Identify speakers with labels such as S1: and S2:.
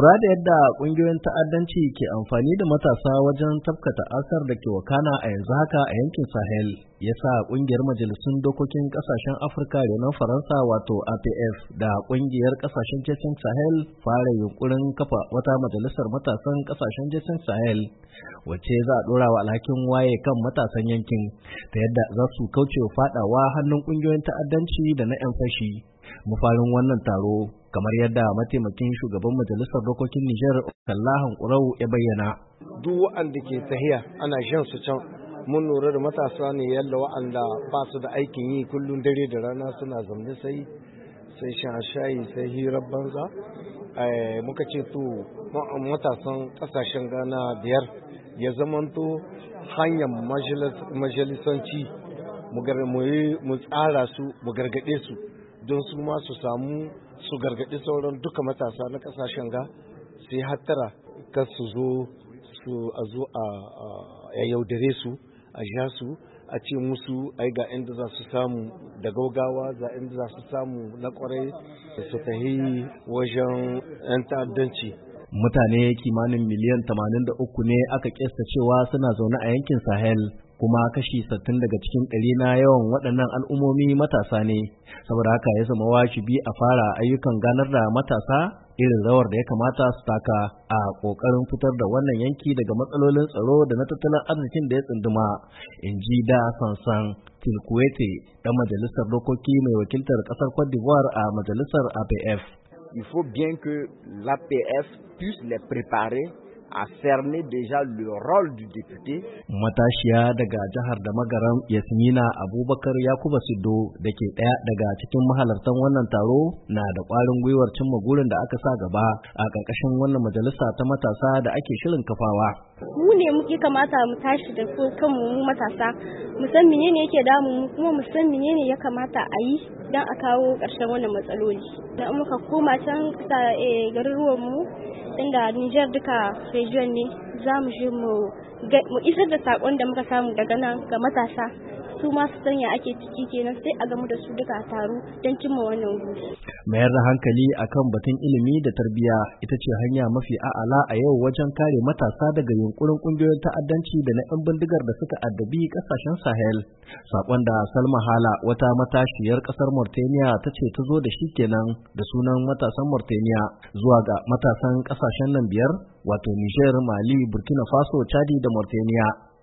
S1: Lura da yadda kungiyoyin ta'addanci ke amfani da matasa wajen tafkata asar da ke wakana a yanzu haka a yankin Sahel ya sa ƙungiyar majalisun dokokin kasashen Afirka renon Faransa wato APF da ƙungiyar ƙasashen jesin Sahel fara yunkurin kafa wata majalisar matasan ƙasashen jesin Sahel wacce za a ɗora wa alhakin waye kan matasan yankin ta yadda za su kauce faɗawa hannun ƙungiyoyin ta'addanci da na 'yan fashi. Mafarin wannan taro kamar yadda mataimakin shugaban majalisar dokokin Nijar Sallahan Qurau ya bayyana.
S2: Duk wanda ke tahiya ana shan su can mun lura da matasa ne yalla wanda ba su da aikin yi kullun dare da rana suna zamne sai sai shan shayi sai hirar banza eh, muka ce to matasan kasashen gana biyar ya zamanto hanyar majalisanci mu tsara su mu gargade su don su ma su samu su gargaɗi sauran duka matasa na ƙasashen ga su yi hattara kan su zo su a zo a yaudare su a sha su a ce musu ai ga inda za su samu da gaugawa za inda za su samu na kwarai su tafi wajen 'yan
S1: ta'addanci mutane kimanin miliyan 83 ne aka kesta cewa suna zaune a yankin sahel kuma kashi sattin daga cikin ɗari na yawan waɗannan al'ummomi matasa ne saboda haka ya zama wajibi a fara ayyukan ganar da matasa irin rawar da ya kamata su taka a ƙoƙarin fitar da wannan yanki daga matsalolin tsaro da na tattalin arzikin da ya tsunduma in ji da sansan tilkuwete ɗan majalisar dokoki mai wakiltar ƙasar cote d'ivoire a majalisar apf il faut bien que l'apf puisse les préparer a cerner déjà le rôle du député. Matashiya daga jihar da magaran Yasmina Abubakar Yakuba sido da ke ɗaya daga cikin mahalartan wannan taro na da ƙwarin gwiwar cimma gurin da aka sa gaba a ƙarƙashin wannan majalisa ta matasa da ake shirin kafawa.
S3: mu ne muke kamata mu tashi da kanmu mu matasa mu san menene yake damu mu kuma mu san menene ya kamata a yi don a kawo ƙarshen wannan matsaloli da muka koma can eh, garuruwan mu inda Niger duka region ne za mu je mu isar da sakon da muka samu daga nan ga matasa su masu sanya ake ciki kenan sai a gamu da su duka taru don cimma wannan gudu.
S1: Mayar da hankali akan batun ilimi da tarbiyya ita ce hanya mafi a'ala a yau wajen kare matasa daga yunkurin kungiyoyin ta'addanci da na 'yan bindigar da suka addabi kasashen Sahel. Sakon da Salma Hala wata matashiyar kasar Mauritania ta ce ta zo da shi kenan da sunan matasan Mauritania zuwa ga matasan kasashen nan biyar wato Niger, Mali, Burkina Faso, Chadi da Mauritania.